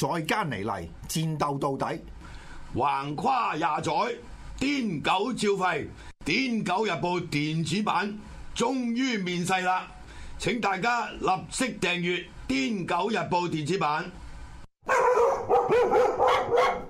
再加尼嚟，戰鬥到底。橫跨廿載，癲狗照費。癲狗日報電子版終於面世啦！請大家立即訂閱癲狗日報電子版。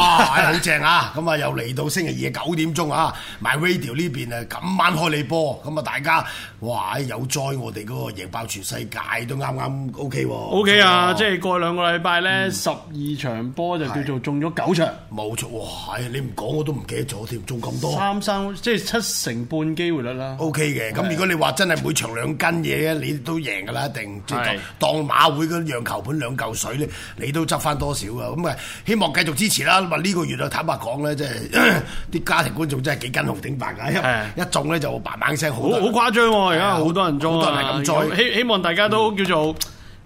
哇，好正啊！咁啊，又嚟到星期二嘅九點鐘啊，my radio 呢邊啊，今晚開你波，咁啊，大家哇，有災我哋個贏爆全世界都啱啱 OK OK 啊，okay 啊啊即係過兩個禮拜咧，十二、嗯、場波就叫做中咗九場，冇錯喎、哎。你唔講我都唔記得咗添，中咁多三三即係七成半機會率啦。OK 嘅，咁、哎、如果你話真係每場兩斤嘢咧，你都贏㗎啦，一定即係當馬會嗰樣球盤兩嚿水咧，你都執翻多少㗎？咁啊，希望繼續支持啦。呢個月啊，坦白講咧，即係啲家庭觀眾真係幾跟紅頂白啊。一一中咧就砰砰聲，啊、好，好誇張喎、啊！而家好多人中都、啊啊、好咁中。希希望大家都叫做唔、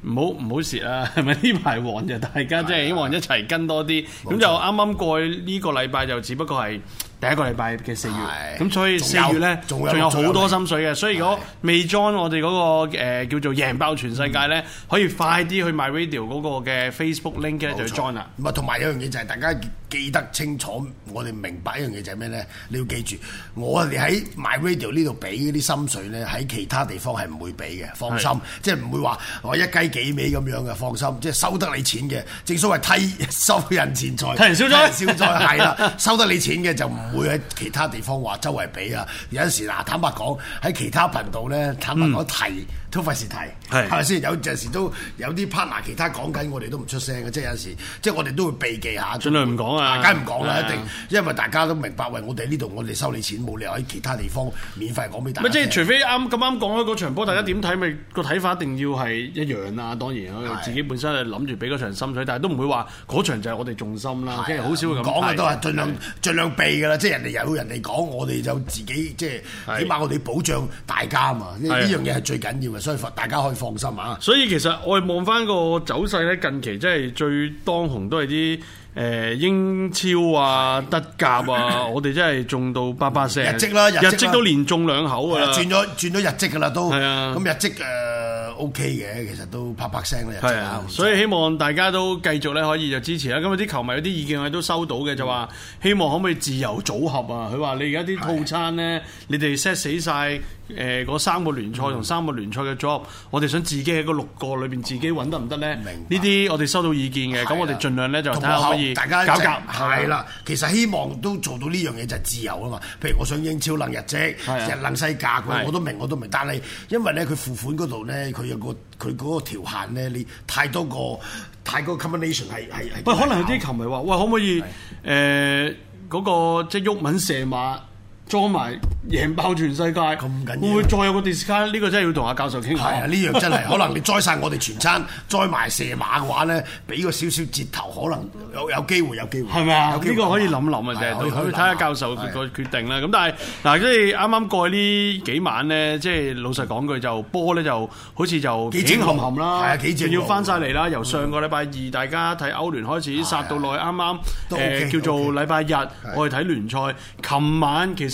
嗯、好唔好蝕 啊，係咪？呢排旺就大家真係希望一齊跟多啲。咁就啱啱過去呢、嗯、個禮拜就只不過係。第一個禮拜嘅四月，咁、哎、所以四月呢仲有好多心水嘅，有所以如果未 join 我哋嗰、那個誒、呃、叫做贏爆全世界呢，嗯、可以快啲去 my radio 嗰個嘅 Facebook link 咧、嗯、就 join 啦錯。唔係，同埋有一樣嘢就係大家。記得清楚，我哋明白一樣嘢就係咩呢？你要記住，我哋喺 MyRadio 呢度俾啲心水呢，喺其他地方係唔會俾嘅是的，放心，即係唔會話我一雞幾尾咁樣嘅，放心，即係收得你錢嘅。正所謂替收人錢財替人消災，消災係啦， 收得你錢嘅就唔會喺其他地方話周圍俾啊。有陣時嗱，坦白講喺其他頻道呢，坦白講提，嗯都費事提係咪先？有陣時都有啲 partner 其他講緊，我哋都唔出聲嘅。即係有陣時，即係我哋都會避忌下，盡量唔講啊！梗係唔講啦，一定，因為大家都明白，喂，我哋呢度我哋收你錢，冇理由喺其他地方免費講俾大家。即係除非啱咁啱講開嗰場波，大家點睇咪個睇法？一定要係一樣啦。當然，自己本身係諗住俾嗰場心水，但係都唔會話嗰場就係我哋重心啦。即係好少會咁講嘅都係盡量盡量避㗎啦。即係人哋有人哋講，我哋就自己即係起碼我哋保障大家啊嘛。呢樣嘢係最緊要嘅。大家可以放心啊！所以其實我哋望翻個走勢咧，近期真係最當紅都係啲誒英超啊、德甲啊， 我哋真係中到啪啪聲。日職啦，日職都連中兩口啊，啦，轉咗轉咗日職噶啦都。係啊的，咁日職誒、呃、OK 嘅，其實都啪啪聲咧。係啊，所以希望大家都繼續咧可以就支持啦。咁啊啲球迷有啲意見我都收到嘅，就話希望可唔可以自由組合啊？佢話「你而家啲套餐咧，你哋 set 死晒。」誒嗰三個聯賽同三個聯賽嘅 job，我哋想自己喺嗰六個裏邊自己揾得唔得咧？呢啲我哋收到意見嘅，咁我哋盡量咧就睇下大家，係啦，其實希望都做到呢樣嘢就係自由啊嘛。譬如我想英超能日職，日能西甲，佢我都明，我都明。但係因為咧佢付款嗰度咧，佢有個佢嗰個條限咧，你太多個太個 combination 係係係。喂，可能有啲球迷話，喂，可唔可以誒嗰個即係郁文射馬？裝埋贏爆全世界咁緊要，會唔會再有個 discount？呢個真係要同阿教授傾。係呢樣真係可能你栽晒我哋全餐，栽埋射馬嘅話咧，俾個少少折頭，可能有有機會，有機會係咪啊？呢個可以諗諗啊，就係睇下教授個決定啦。咁但係嗱，即係啱啱過呢幾晚咧，即係老實講句，就波咧就好似就幾正冚冚啦，係啊幾正，要翻晒嚟啦。由上個禮拜二大家睇歐聯開始殺到來，啱啱誒叫做禮拜日，我哋睇聯賽。琴晚其實。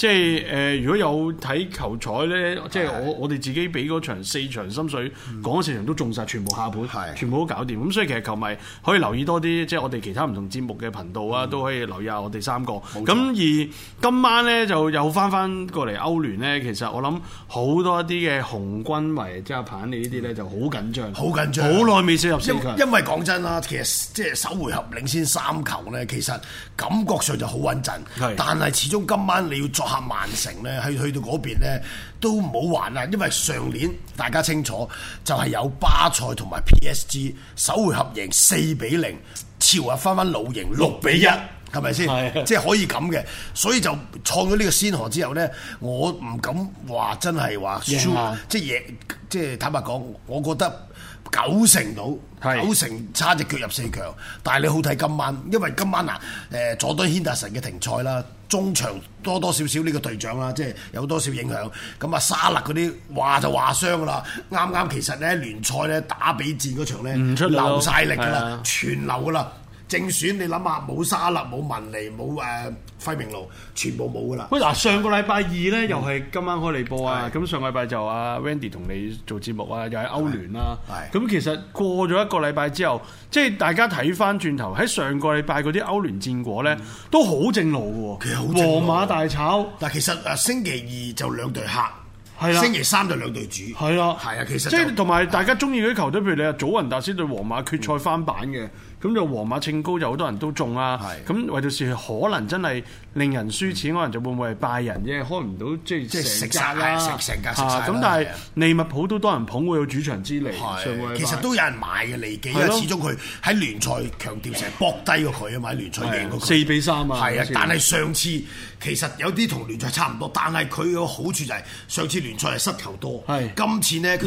即係誒、呃、如果有睇球彩咧，即係我我哋自己俾嗰場四場心水，講、嗯、四場都中晒全部下盤，係、嗯、全部都搞掂。咁所以其實球迷可以留意多啲，即係我哋其他唔同節目嘅頻道啊，嗯、都可以留意下我哋三個，咁錯而今晚咧，就又翻翻過嚟歐聯咧，其實我諗好多一啲嘅紅軍迷，即係阿彭你呢啲咧就好緊張，好緊張，好耐未射入四強。因為講真啦，其實即係首回合領先三球咧，其實感覺上就好穩陣，但係始終今晚你要再。客曼城咧，去去到嗰邊咧都唔好玩啦，因為上年大家清楚就係、是、有巴塞同埋 P S G 首回合贏四比零，朝日翻翻老贏六比一比吧，係咪先？即係可以咁嘅，所以就創咗呢個先河之後咧，我唔敢話真係話輸，即係亦即係坦白講，我覺得。九成到，是九成差隻腳入四強。但係你好睇今晚，因為今晚啊，誒佐敦軒達臣嘅停賽啦，中場多多少少呢個隊長啦，即係有多少影響。咁啊沙勒嗰啲話就話傷啦，啱啱其實咧聯賽咧打比戰嗰場咧，出流晒力㗎啦，的全流㗎啦。正選你諗下，冇沙勒，冇文尼，冇誒費明路，全部冇噶啦。喂，嗱上個禮拜二咧，又係今晚開你波啊。咁上個禮拜就阿 Wendy 同你做節目啊，又係歐聯啦。咁其實過咗一個禮拜之後，即係大家睇翻轉頭喺上個禮拜嗰啲歐聯戰果咧，都好正路喎。其實好正路，皇馬大炒。但其實誒星期二就兩隊客，係啦。星期三就兩隊主，係咯，係啊。其實即係同埋大家中意嗰啲球隊，譬如你啊，祖雲達斯對皇馬決賽翻版嘅。咁就皇馬稱高就好多人都中啊，咁為到時可能真係令人輸錢，可能就會唔會係拜仁啫，開唔到即係即係食晒啦，食成架食晒咁但係利物浦都多人捧喎，有主場之利，其實都有人買嘅利記始終佢喺聯賽強調成日博低過佢，買聯賽贏過佢四比三啊。係啊，但係上次其實有啲同聯賽差唔多，但係佢個好處就係上次聯賽係失球多，今次呢，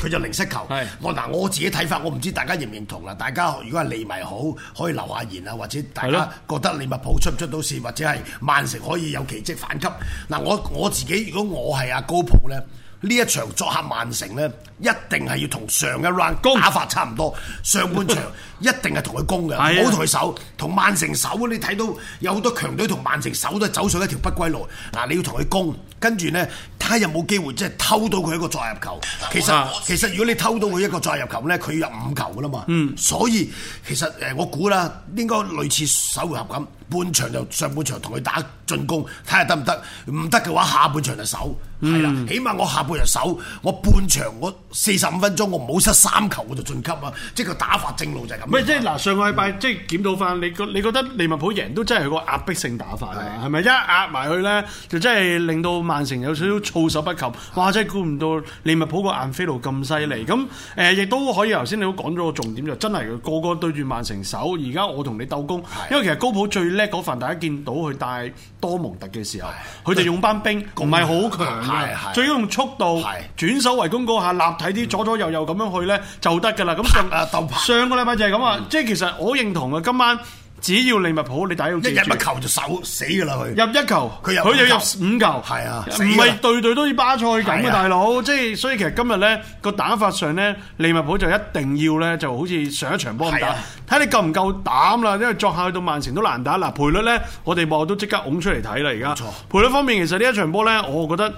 佢就零失球。我嗱我自己睇法，我唔知大家認唔認同啦。大家如果係利物係好可以留下言啊，或者大家覺得利物浦出唔出到線，或者係曼城可以有奇蹟反擊。嗱，我我自己如果我係阿高普咧。呢一場作客曼城呢，一定係要同上一 round 打法差唔多，攻上半場一定係同佢攻嘅，唔好同佢守。同曼城守，你睇到有好多強隊同曼城守都係走上一條不歸路。嗱，你要同佢攻，跟住呢，睇下有冇機會即係偷到佢一個再入球。其實 其實如果你偷到佢一個再入球呢，佢要入五球㗎喇嘛。嗯，所以其實誒，我估啦，應該類似首回合咁。半場就上半場同佢打進攻，睇下得唔得？唔得嘅話，下半場就守，係啦、嗯。起碼我下半日下半場守，我半場我四十五分鐘我唔好失三球，我就進級啊！即佢打法正路就係咁。唔、嗯、即係嗱，上個禮拜、嗯、即係檢討翻，你覺你覺得利物浦贏都真係個壓迫性打法啦，係咪吧一壓埋去咧，就真係令到曼城有少少措手不及？吧哇！真係估唔到利物浦個硬飛奴咁犀利，咁誒亦都可以。頭先你都講咗個重點，就真係個個對住曼城守。而家我同你鬥攻，吧因為其實高普最。叻嗰份，大家見到佢帶多蒙特嘅時候，佢就的用班兵唔係好強嘅，最好用速度的轉守為攻嗰下，立體啲左左右右咁樣去咧就得噶啦。咁上啊， 上個禮拜就係咁啊，嗯、即係其實我認同嘅，今晚。只要利物浦你打到，一入一球就守死噶啦佢，入一球佢又佢就入五球，係啊，唔係隊隊都似巴塞咁嘅、啊、大佬，即係所以其實今日咧個打法上咧利物浦就一定要咧就好似上一場波咁打，睇、啊、你夠唔夠膽啦，因為作客去到曼城都難打嗱，賠率咧我哋幕都即刻拱出嚟睇啦而家，錯賠率方面其實呢一場波咧我覺得。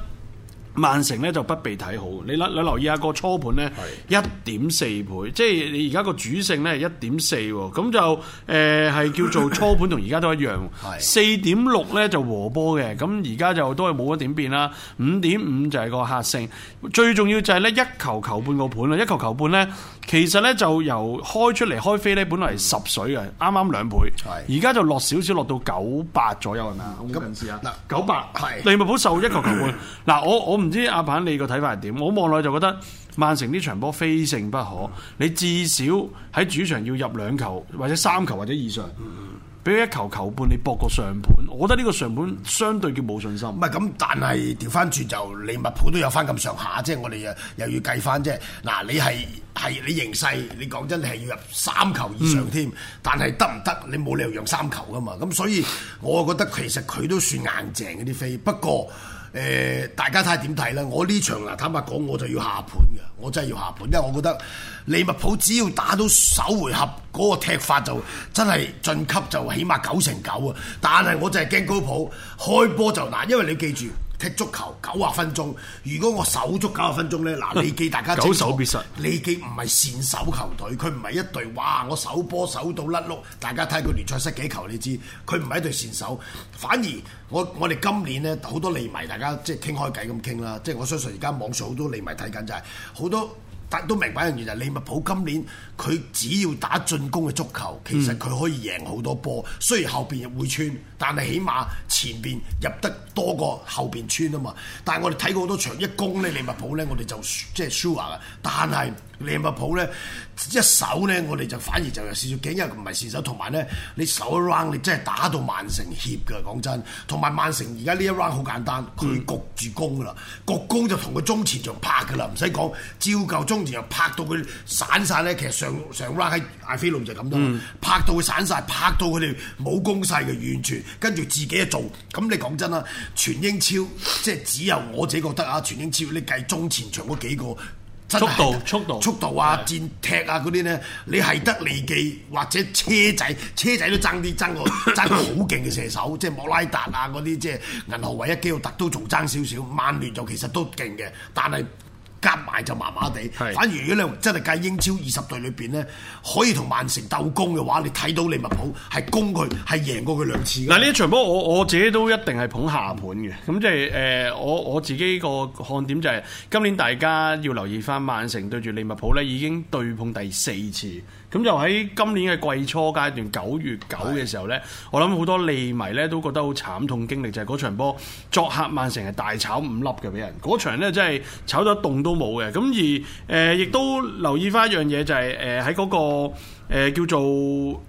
曼城咧就不被睇好，你留你留意下個初盤咧一點四倍，即係你而家個主勝咧係一點四，咁就誒係、呃、叫做初盤同而家都一樣，四點六咧就和波嘅，咁而家就都係冇一點變啦，五點五就係個客勝，最重要就係咧一球球半個盤啦，一球球半咧。其實咧就由開出嚟開飛呢，本來十水嘅，啱啱、嗯、兩倍。而家是的 就落少少，落到九百左右係咪啊？咁近市啊！嗱，九百利物浦受一球球半。嗱是的，我我唔知阿鵬你個睇法係點。我望落就覺得曼城呢場波非勝不可。嗯、你至少喺主場要入兩球或者三球或者以上。嗯嗯俾一球球半，你博個上盤，我覺得呢個上盤相對叫冇信心。唔係咁，但係調翻轉就利物浦都有翻咁上下，即係我哋又又要計翻啫。嗱，你係係你形勢，你講真係要入三球以上添，嗯、但係得唔得？你冇理由讓三球噶嘛。咁所以我覺得其實佢都算硬淨嗰啲飛，不過。誒、呃，大家睇下點睇啦！我呢場啊，坦白講我就要下盤嘅，我真係要下盤，因為我覺得利物浦只要打到首回合嗰、嗰個踢法就真係晉級就起碼九成九啊！但係我就係驚高普開波就難，因為你記住。踢足球九十分鐘，如果我守足九十分鐘呢？嗱，利記大家清楚，利記唔係善守球隊，佢唔係一隊哇！我守波守到甩碌，大家睇佢聯賽失幾球你知，佢唔係一隊善守，反而我我哋今年呢，好多利迷大家即係傾開偈咁傾啦，即係我相信而家網上好多利迷睇緊就係好多，但都明白一樣嘢就係利物浦今年。佢只要打進攻嘅足球，其實佢可以贏好多波。雖然後邊又會穿，但係起碼前邊入得多過後邊穿啊嘛。但係我哋睇過好多場一攻咧利物浦咧，我哋就即係 sure 㗎。但係利物浦咧一守咧，我哋就反而就有少少驚，因為唔係射手，同埋咧你守一 round，你真係打到曼城怯㗎。講真，同埋曼城而家呢一 round 好簡單，佢焗住攻㗎啦，焗攻就同佢中前場拍㗎啦，唔使講，照舊中前場拍到佢散散咧，其實上。上拉喺晏菲路就咁樣、嗯，拍到佢散晒，拍到佢哋冇攻勢嘅完全，跟住自己一做，咁你講真啦，全英超即係、就是、只有我自己覺得啊，全英超你計中前場嗰幾個速度、速度、速度、速度啊，戰踢啊嗰啲咧，是的 你係得利記或者車仔，車仔都爭啲爭個爭好勁嘅射手，即係莫拉達啊嗰啲，即係銀河唯一基奧特都仲爭少少，曼聯就其實都勁嘅，但係。加埋就麻麻地，是反而如果你真係計英超二十隊裏邊呢，可以同曼城鬥攻嘅話，你睇到利物浦係攻佢，係贏過佢兩次。嗱，呢場波我我自己都一定係捧下盤嘅，咁即係誒我我自己個看點就係、是、今年大家要留意翻曼城對住利物浦呢已經對碰第四次，咁就喺今年嘅季初階段九月九嘅時候呢，是我諗好多利迷呢都覺得好慘痛經歷就係、是、嗰場波，作客曼城係大炒五粒嘅俾人，嗰場咧真係炒咗凍都冇嘅，咁而誒、呃、亦都留意翻一樣嘢，就係誒喺嗰個。誒叫做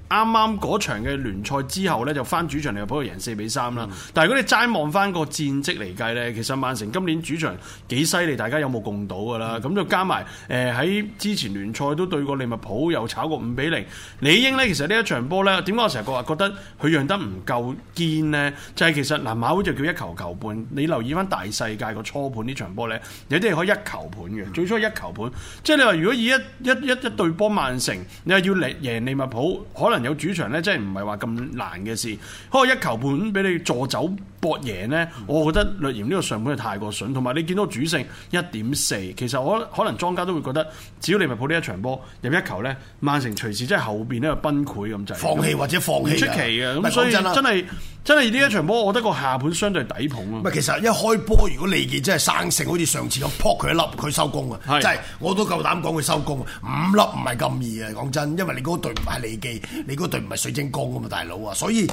啱啱嗰場嘅聯賽之後咧，就翻主場嚟嘅，利物浦贏四比三啦。但係如果你齋望翻個戰績嚟計咧，其實曼城今年主場幾犀利，大家有目共睹㗎啦。咁、嗯、就加埋誒喺之前聯賽都對過利物浦，又炒過五比零。李英咧，其實呢一場波咧，點解我成日個話覺得佢讓得唔夠堅呢？就係、是、其實嗱，馬會就叫一球球半。你留意翻大世界個初盤場呢場波咧，有啲係可以一球盤嘅，嗯、最初一球盤。即係你話如果以一一一,一,一,一,一對波曼城，你話要贏利物浦可能有主場咧，真係唔係話咁難嘅事。可開 一球盤俾你坐走博贏咧，我覺得略嫌呢個上盤係太過笋。同埋你見到主勝一點四，其實我可能莊家都會覺得，只要利物浦呢一場波入一球咧，曼城隨時即係後邊咧就崩潰咁就放棄或者放棄。出奇嘅咁，所以真係。真係呢一場波，我覺得個下盤相對係抵捧啊！唔其實一開波，如果利記真係生性，好似上次咁撲佢一粒，佢收工啊！是真係我都夠膽講佢收工啊！五粒唔係咁易啊，講真，因為你嗰隊唔係利記，你嗰隊唔係水晶宮啊嘛，大佬啊！所以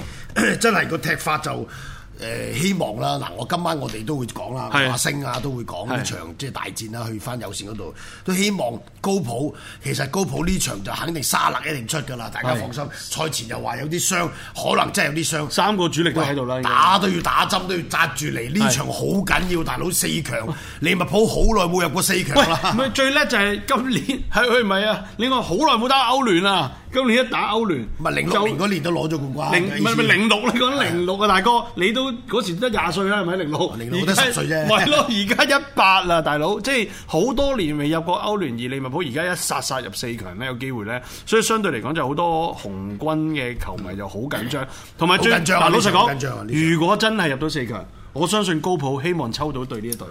真係、個踢法就～誒希望啦，嗱，我今晚我哋都會講啦，阿是的 星啊都會講呢場是的 即係大戰啦，去返有線嗰度都希望高普，其實高普呢場就肯定沙勒一定出㗎啦，大家放心。是的 賽前又話有啲傷，可能真係有啲傷。三個主力都喺度啦，打都要打針都要紮住嚟，呢是的 場好緊要，大佬四強利物浦好耐冇入過四強啦。唔係最叻就係今年係佢唔係啊，你話好耐冇打歐聯啊？今年一打歐聯，唔係零六年嗰就年都攞咗冠軍，唔係唔係零六，你講零六啊大哥，你都嗰時得廿歲啦，係咪零六？在零六得十歲啫，唔係咯，而家一八啦，大佬，即係好多年未入過歐聯而利物浦而家一殺殺入四強咧，有機會咧，所以相對嚟講就好、是、多紅軍嘅球迷又好緊張，同埋最緊張，嗱老實講，啊、如果真係入到四強，我相信高普希望抽到對呢一隊，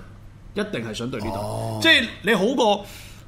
一定係想對呢隊，即係、哦、你好過。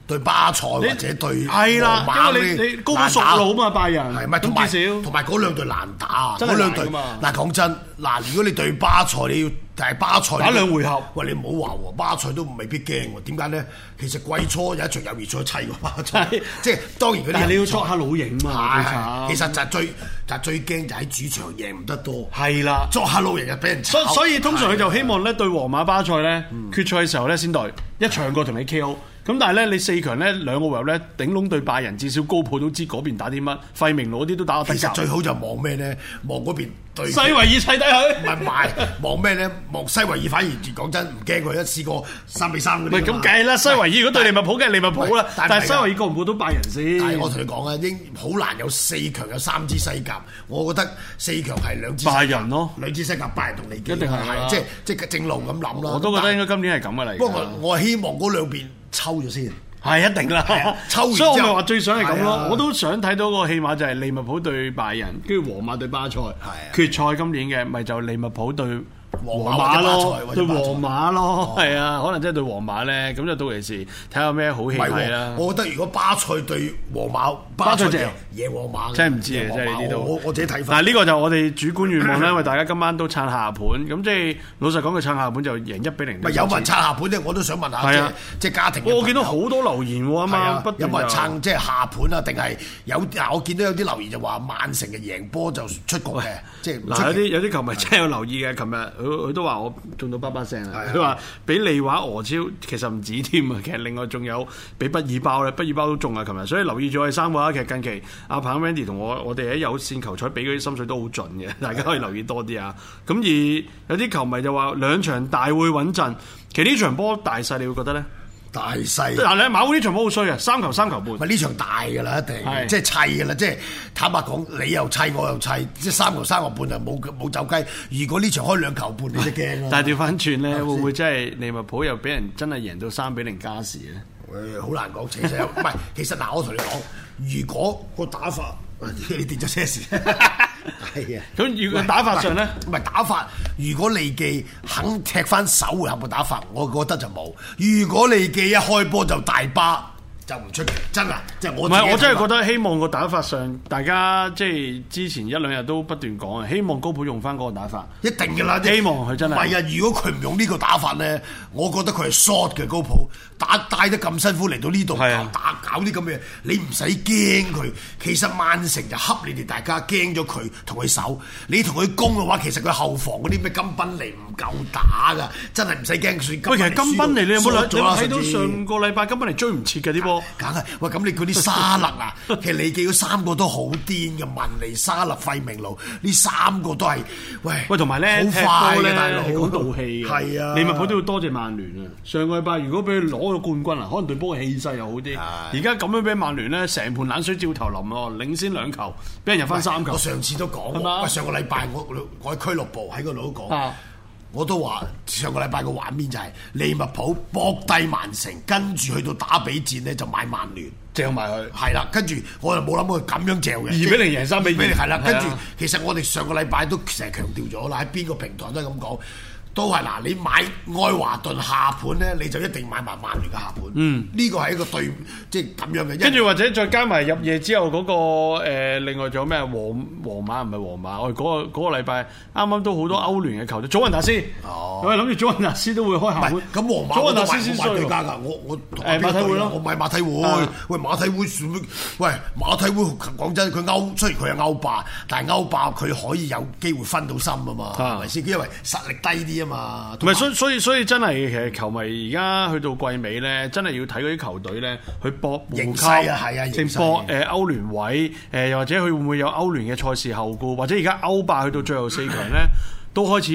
對巴塞或者對，係啦，因為你你高高熟路啊嘛，拜仁係咪？同埋少，同埋嗰兩隊難打啊！嗰兩隊嗱講真嗱，如果你對巴塞，你要但係巴塞打兩回合喂，你唔好話喎，巴塞都未必驚喎。點解咧？其實季初有一場友誼賽砌過巴塞，即係當然嗰啲。但係你要捉下老營嘛，其實就最就最驚就喺主場贏唔得多。係啦，捉下老營就俾人。所所以通常佢就希望咧對皇馬巴塞咧決賽嘅時候咧先對一場過同你 K.O. 咁但係咧，你四強咧兩個回合咧，頂籠對拜仁，至少高普都知嗰邊打啲乜，費明路啲都打得，其實最好就望咩咧？望嗰邊西維爾砌低佢？唔係望咩咧？望西維爾反而講真唔驚佢一試過三比三咁計啦，西維爾如果對利物浦嘅利物浦啦，但係西維爾過唔過到拜仁先？但係我同你講啊，好難有四強有三支西甲，我覺得四強係兩支拜仁咯，兩支西甲拜仁同嚟。一定係即係即係正路咁諗啦。我都覺得應該今年係咁嘅嚟。不過我希望嗰兩邊。抽咗先，係一定啦、啊。抽完之後，所以我咪話最想係咁咯。啊、我都想睇到個戲碼就係利物浦對拜仁，跟住皇馬對巴塞，係、啊、決賽今年嘅咪就是、利物浦對。皇馬咯，對皇馬咯，係啊，可能真係對皇馬咧，咁就到時睇下咩好戲啦。我覺得如果巴塞對皇馬，巴塞隻野皇馬，真係唔知啊，真係呢度。我自己睇法。嗱，呢個就我哋主觀願望啦，因為大家今晚都撐下盤，咁即係老實講，佢撐下盤就贏一比零。唔係有冇人撐下盤咧？我都想問下係啊，即係家庭。我見到好多留言喎，啊嘛，有冇人撐即係下盤啊？定係有嗱？我見到有啲留言就話曼城嘅贏波就出局，即係嗱，有啲有啲球迷真係有留意嘅，琴日。佢佢都話我中到巴巴聲啊！佢話的比利華俄超其實唔止添啊，其實另外仲有畢爾包咧，畢爾包都中啊！琴日所以留意咗我哋三個啦。其實近期阿彭 Vandy 同我我哋喺有線球賽比嗰啲心水都好準嘅，大家可以留意多啲的啊。咁而有啲球迷就話兩場大會穩陣，其實呢場波大細你會覺得咧？大細嗱，你、啊、馬會呢場波好衰啊，三球三球半。唔呢場大㗎啦，一定是即，即係砌㗎啦，即係坦白講，你又砌，我又砌，即係三球三球半就冇冇走雞。如果呢場開兩球半，你都驚、哎。但係調翻轉咧，啊、會唔會真係利物浦又俾人真係贏到三比零加時咧？誒、哎，好難講，其實。唔係，其實嗱， 我同你講，如果個打法你跌咗車時。 係啊，咁如果打法上咧，唔係打法。如果利記肯踢翻首回合嘅打法，我覺得就冇。如果利記一開波就大巴。就唔出奇，真啊！即、就、係、是、我唔係是，髮我真係覺得希望個打法上，大家即係之前一兩日都不斷講啊，希望高普用翻嗰個打法，一定㗎啦！嗯、是希望佢真係唔係啊！如果佢唔用呢個打法咧，我覺得佢係 short 嘅高普打帶得咁辛苦嚟到呢度的打搞啲咁嘅嘢，你唔使驚佢。其實曼城就恰你哋大家驚咗佢同佢守，你同佢攻嘅話，其實佢後防嗰啲咩金賓尼唔夠打㗎，真係唔使驚。喂，其實金賓尼你，你有冇兩？有睇到上個禮拜金賓尼追唔切嘅。啲波。梗係喂，咁你嗰啲沙勒啊， 其實利記嗰三個都好癲嘅，文尼沙勒、費明路呢三個都係喂喂，同埋咧好快咧，講到氣係啊，利物浦都要多謝曼聯啊。上個禮拜如果俾佢攞咗冠軍啊，可能對波嘅氣勢又好啲。而家咁樣俾曼聯咧，成盤冷水照頭淋喎，領先兩球俾人入翻三球。我上次都講係嘛？吧上個禮拜我我喺俱樂部喺個度都講。啊。我都話上個禮拜個畫面就係、是、利物浦博低曼城，跟住去到打比戰呢，就買曼聯，掟埋佢。係啦，跟住我就冇諗過佢咁樣掟嘅。二比零贏三比二，係啦，跟住其實我哋上個禮拜都成日強調咗啦，喺邊個平台都係咁講。都係嗱，你買愛華頓下盤咧，你就一定買埋曼聯嘅下盤。嗯，呢個係一個對即係咁樣嘅。跟住或者再加埋入夜之後嗰、嗰個、呃、另外仲有咩皇，皇馬唔係皇馬？我哋嗰個禮拜啱啱都好多歐聯嘅球隊。嗯、祖雲達斯哦，喂，諗住祖雲達斯都會開下盤，唔係咁，皇馬祖雲達斯先衰㗎。我我同、哎、馬體會，會，我唔係馬體會。喂，馬體會，喂，馬體會講真，佢歐雖然佢係歐霸，但係歐霸佢可以有機會分到心啊嘛，係咪先？因為實力低啲啊。嘛，同埋所所以所以，所以真係其實球迷而家去到季尾咧，真係要睇嗰啲球隊咧，去搏。門卡啊，係啊，正搏誒歐聯位誒，又或者佢會唔會有歐聯嘅賽事後顧，或者而家歐霸去到最後四強咧？ 都開始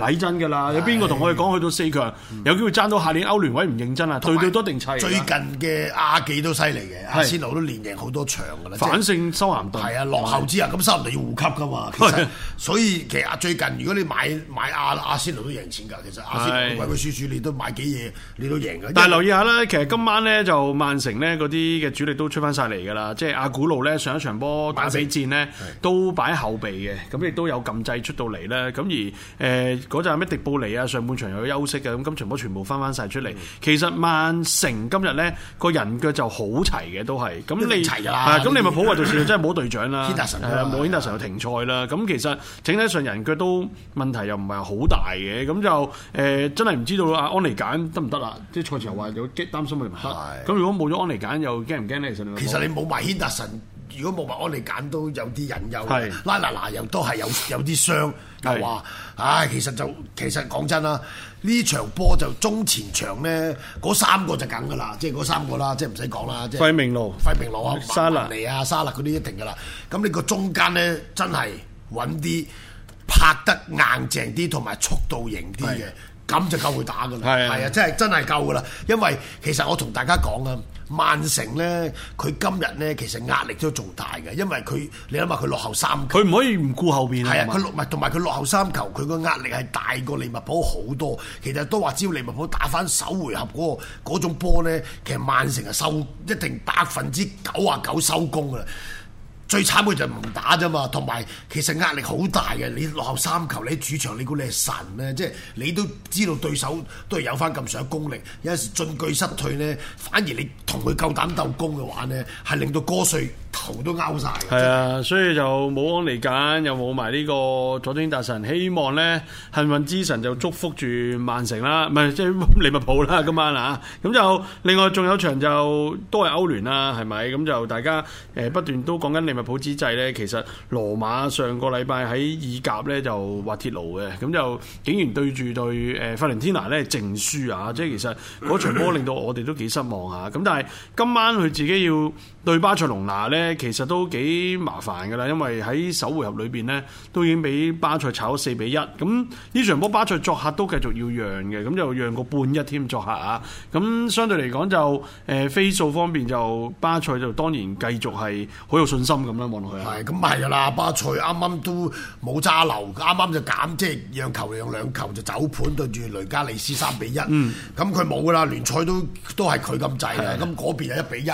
嚟真㗎啦！有邊個同我哋講去到四強有機會爭到下年歐聯位唔認真啊？對對都定砌。最近嘅阿記都犀利嘅，阿仙奴都連贏好多場㗎啦。反勝修咸頓。係啊，落後之後咁修咸頓要護級㗎嘛。所以其實最近如果你買買阿阿仙奴都贏錢㗎。其實阿仙奴買佢你都買幾嘢，你都贏㗎。但係留意下啦，其實今晚咧就曼城咧嗰啲嘅主力都出翻晒嚟㗎啦。即係阿古路咧，上一場波打比戰咧都擺後備嘅，咁亦都有禁制出到嚟咧。咁而誒，嗰陣係咩迪布尼啊，上半場又要休息嘅，咁今場波全部翻翻晒出嚟。其實曼城今日咧個人腳就好齊嘅，都係咁你係，咁、嗯嗯、你咪普為就算，即係冇隊長啦。莫伊達神又停賽啦，咁是的 其實整體上人腳都問題又唔係好大嘅，咁就誒、呃、真係唔知道啦。安妮揀得唔得啦？即係賽前又話有即係擔心佢唔得，咁是的 如果冇咗安妮揀又驚唔驚咧？其實，其實你冇埋莫伊達神。如果冇麥我，你揀都有啲引誘，是拉拿拿又都係有有啲傷，又話，是唉，其實就其實講真啦，呢場波就中前場咧，嗰三個就梗噶啦，即係嗰三個啦，即係唔使講啦，即係費明路、費明路啊、路馬馬沙拿尼啊、沙拿嗰啲一定噶啦，咁呢個中間咧真係揾啲拍得硬淨啲同埋速度型啲嘅。咁就夠會打噶啦，係啊，真係真係夠噶啦，因為其實我同大家講啊，曼城呢佢今日呢其實壓力都仲大嘅，因為佢你諗下佢落後三球，佢唔可以唔顧後邊啊，係啊，佢落唔係同埋佢落後三球，佢個壓力係大過利物浦好多。其實都話只要利物浦打翻首回合嗰個嗰種波呢，其實曼城係收一定百分之九啊九收工噶啦。最慘嘅就係唔打啫嘛，同埋其實壓力好大嘅。你落後三球，你喺主場，你估你係神咧？即係你都知道對手都係有翻咁上功力，有時進退失據咧，反而你同佢夠膽鬥功嘅話咧，係令到過水。頭都拗晒。係啊，所以就冇安嚟揀，又冇埋呢個佐敦達臣。希望咧幸運之神就祝福住曼城啦，唔係即利物浦啦，今晚啊，咁就是的 另外仲有場就都係歐聯啦，係咪？咁就大家誒不斷都講緊利物浦之際咧，其實羅馬上個禮拜喺意甲咧就滑鐵盧嘅，咁就竟然對住對誒費倫天拿咧淨輸啊，即係 其實嗰場波令到我哋都幾失望吓，咁但係今晚佢自己要。對巴塞隆拿咧，其實都幾麻煩噶啦，因為喺首回合裏邊咧，都已經俾巴塞炒咗四比一。咁呢場波巴塞作客都繼續要讓嘅，咁就讓個半一添作客啊。咁相對嚟講就誒、呃、飛數方面就巴塞就當然繼續係好有信心咁啦，望落去。係咁係啊啦，巴塞啱啱都冇揸流，啱啱就減即係、就是、讓球讓兩球就走盤對住雷加利斯三比一。嗯，咁佢冇噶啦，聯賽都都係佢咁滯啦。咁嗰邊係一比一。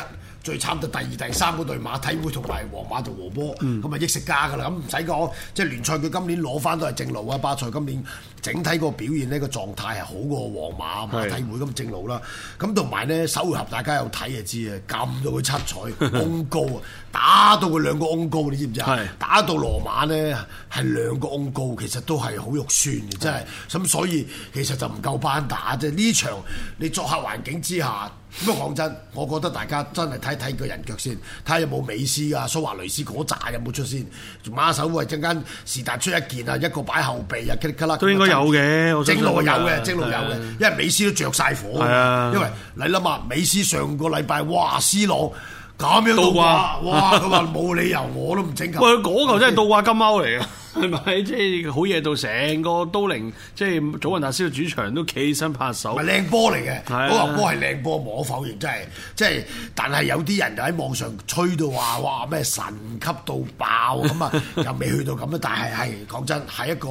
最差就第二、第三嗰隊馬體會同埋皇馬做和波，咁啊、嗯、益食家噶啦，咁唔使講，即聯賽佢今年攞翻都係正路啊！巴塞今年整體個表現呢、呢個狀態係好過皇馬馬體會咁正路啦。咁同埋咧，首回合大家有睇就知啊，撳到佢七彩，on goal 啊， 打到佢兩個 on goal，你知唔知啊？是打到羅馬呢係兩個 on goal，其實都係好肉酸嘅，真係。咁是所以其實就唔夠班打即係。呢場你作客環境之下。咁啊講真，我覺得大家真係睇睇個人腳先，睇下有冇美斯啊、蘇華雷斯嗰扎有冇出先，馬首喂陣間是但出一件啊，一個擺後備啊，吉力吉都應該有嘅，正路樣有嘅，正路有嘅，的因為美斯都着晒火，的因為你諗下，美斯上個禮拜哇，斯朗。咁樣倒掛，話哇！佢話冇理由， 我都唔整㗎。喂，嗰球真係倒掛金鈎嚟嘅，係咪？ 即係好嘢到成個都靈，即係祖雲達斯嘅主場都企身拍手。唔係靚波嚟嘅，嗰個波係靚波，無可否認，真係。即係，但係有啲人就喺網上吹到話，哇咩神級到爆咁啊！又未去到咁啊， 但係係講真係一個，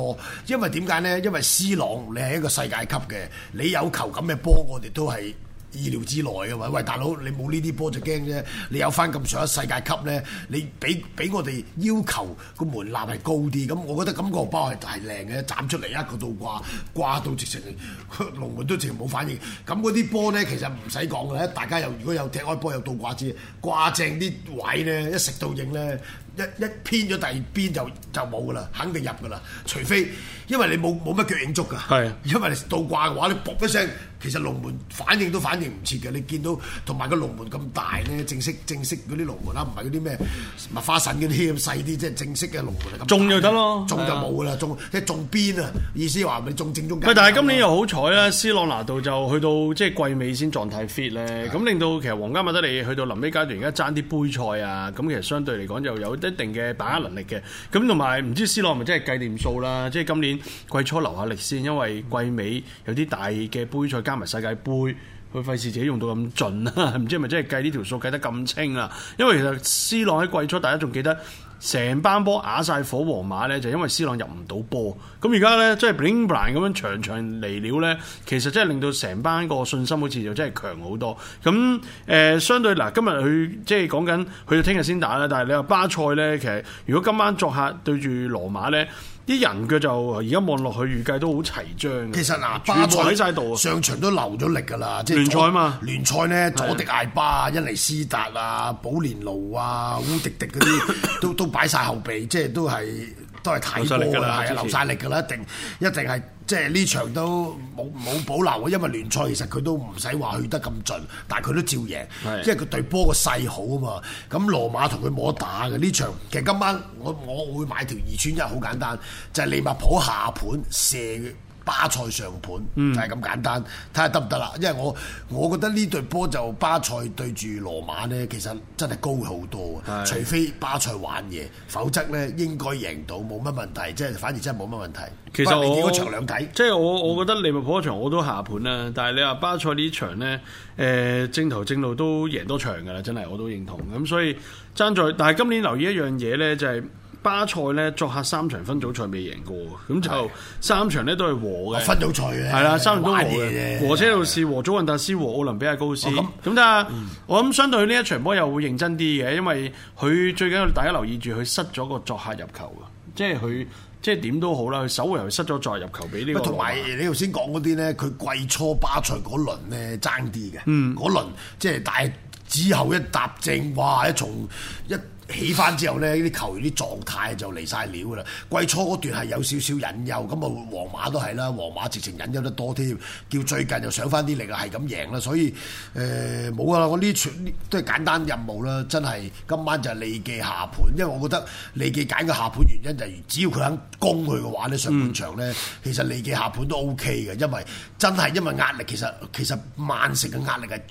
因為點解咧？因為 C 朗你係一個世界級嘅，你有球咁嘅波，我哋都係。.意料之內嘅嘛，喂，大佬，你冇呢啲波就驚啫，你有返咁上一世界級咧，你俾俾我哋要求個門檻係高啲，咁我覺得咁個波係大靚嘅，斬出嚟一個倒掛，掛到直情龍門都直情冇反應，咁嗰啲波咧其實唔使講嘅咧，大家又如果有踢開波有倒掛住，掛正啲位咧，一食到影咧。一一偏咗第二邊就就冇噶啦，肯定入噶啦。除非因為你冇冇乜腳影捉噶，因為你倒掛嘅話，你噃一聲，其實龍門反應都反應唔切嘅。你見到同埋個龍門咁大咧，正式正式嗰啲龍門啊，唔係嗰啲咩花神嗰啲咁細啲，即係正式嘅龍門啊。中就得咯，中就冇噶啦，中即係中邊啊？意思話咪中正中間。喂，但係今年又好彩啦，斯朗拿度就去到即係季尾先狀態 fit 咧，咁令到其實皇家馬德里去到臨尾階段，而家爭啲杯賽啊，咁其實相對嚟講就有啲。一定嘅把握能力嘅，咁，同埋唔知 C 朗係咪真係計掂數啦。即係今年季初留下力先，因為季尾有啲大嘅杯賽加埋世界盃，佢費事自己用到咁盡啦。唔知係咪真係計呢條數計得咁清啊？因為其實 C 朗喺季初，大家仲記得。成班波啞晒火，皇馬咧就因為 C 朗入唔到波。咁而家咧，即係 bling bling 咁樣場場嚟料咧，其實真係令到成班個信心好似就真係強好多。咁誒、呃，相對嗱，今日佢即係講緊去到聽日先打啦。但係你話巴塞咧，其實如果今晚作客對住羅馬咧，啲人佢就而家望落去預計都好齊張。其實嗱、啊，巴塞喺晒度，啊，上場都留咗力㗎啦。即係聯賽嘛，聯賽咧，佐迪艾巴、恩的尼斯達啊、保連奴啊、烏迪迪嗰啲都都。都都都都擺晒後備，即係都係都係睇波㗎喇，係啊，的流晒力噶啦，一定一定係即係呢場都冇冇保留嘅，因為聯賽其實佢都唔使話去得咁盡，但係佢都照贏，是的 即係佢對波個勢好啊嘛。咁羅馬同佢冇得打嘅呢場，其實今晚我我會買條二串一，好簡單，就係利物浦下盤射。巴塞上盤係咁、嗯、簡單，睇下得唔得啦？因為我我覺得呢隊波就巴塞對住羅馬呢，其實真係高好多啊！是除非巴塞玩嘢，否則呢應該贏到冇乜問題，即係反而真係冇乜問題。其實我即係我，我覺得利物浦場我都下盤啦。嗯、但係你話巴塞呢場呢，誒、呃、正頭正路都贏多場㗎啦，真係我都認同。咁所以爭在，但係今年留意一樣嘢呢，就係，巴塞咧作客三場分組賽未贏過，咁就三場咧都係和嘅。分組賽嘅，係啦，三場都和嘅。了了和車路士和、的和祖雲達斯和、和奧林比亞高斯。咁、啊、但係、嗯、我諗相對呢一場波又會認真啲嘅，因為佢最緊要大家留意住佢失咗個作客入球㗎，即係佢即係點都好啦，佢首回合失咗再入球俾呢個同埋你頭先講嗰啲咧，佢季初巴塞嗰輪咧爭啲嘅，嗰輪即係但係之後一踏正，哇一從一。起翻之後呢，啲球員啲狀態就嚟晒料噶啦。季初嗰段係有少少隱憂，咁啊皇馬都係啦，皇馬直情隱憂得多添。叫最近又上翻啲力，係咁贏啦。所以誒冇啊，我呢啲都係簡單任務啦。真係今晚就利記下盤，因為我覺得利記揀個下盤原因就係只要佢肯攻佢嘅話呢、嗯、上半場呢，其實利記下盤都 O K 嘅，因為真係因為壓力其實其實曼城嘅壓力係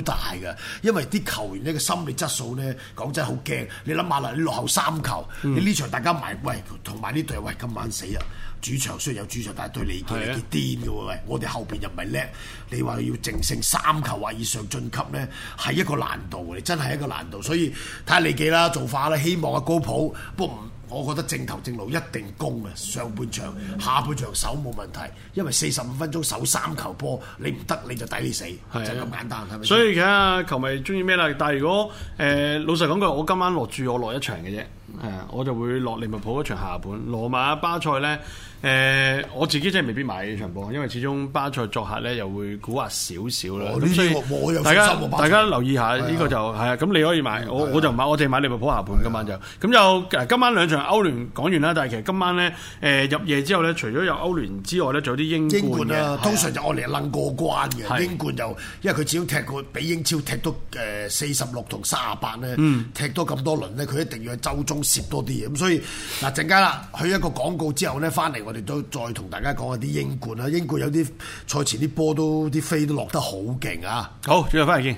超大嘅，因為啲球員呢嘅心理質素呢，講真好驚。你諗下啦，你落後三球，嗯、你呢場大家埋喂，同埋呢隊喂今晚死啦！主場雖然有主場，但對利記係幾癲嘅喎喂！是啊、我哋後邊又唔係叻，你話要淨勝三球或以上進級咧，係一個難度，你真係一個難度。所以睇下利記啦，做法啦，希望阿高普幫唔？不過不我覺得正頭正路一定攻嘅上半場，下半場守冇問題，因為四十五分鐘守三球波，你唔得你就抵你死，啊、就咁簡單。係咪？所以而家球迷中意咩啦？但係如果誒、呃、老實講句，我今晚落注，我落一場嘅啫。係、啊、我就會落利物浦一場下盤，羅馬巴塞咧，誒、呃、我自己真係未必買呢場波，因為始終巴塞作客咧又會蠱惑少少啦。哦、所以大家、哦啊、大家留意下呢、呢個就係啊，咁、啊啊、你可以買，啊、我我就唔買，我淨買利物浦下盤。今晚就咁就今晚兩場。歐聯講完啦，但係其實今晚咧，誒、呃、入夜之後咧，除咗有歐聯之外咧，仲有啲英英冠啦，冠啊啊、通常就我哋係掹過關嘅。啊、英冠就因為佢只要踢過，比英超踢到誒四十六同三十八咧，呃38，嗯、踢多咁多輪咧，佢一定要去周中攝多啲嘢。咁所以嗱，陣間啦，去一個廣告之後咧，翻嚟我哋都再同大家講下啲英冠啦。英冠有啲賽前啲波都啲飛都落得好勁啊！好，轉頭翻嚟見。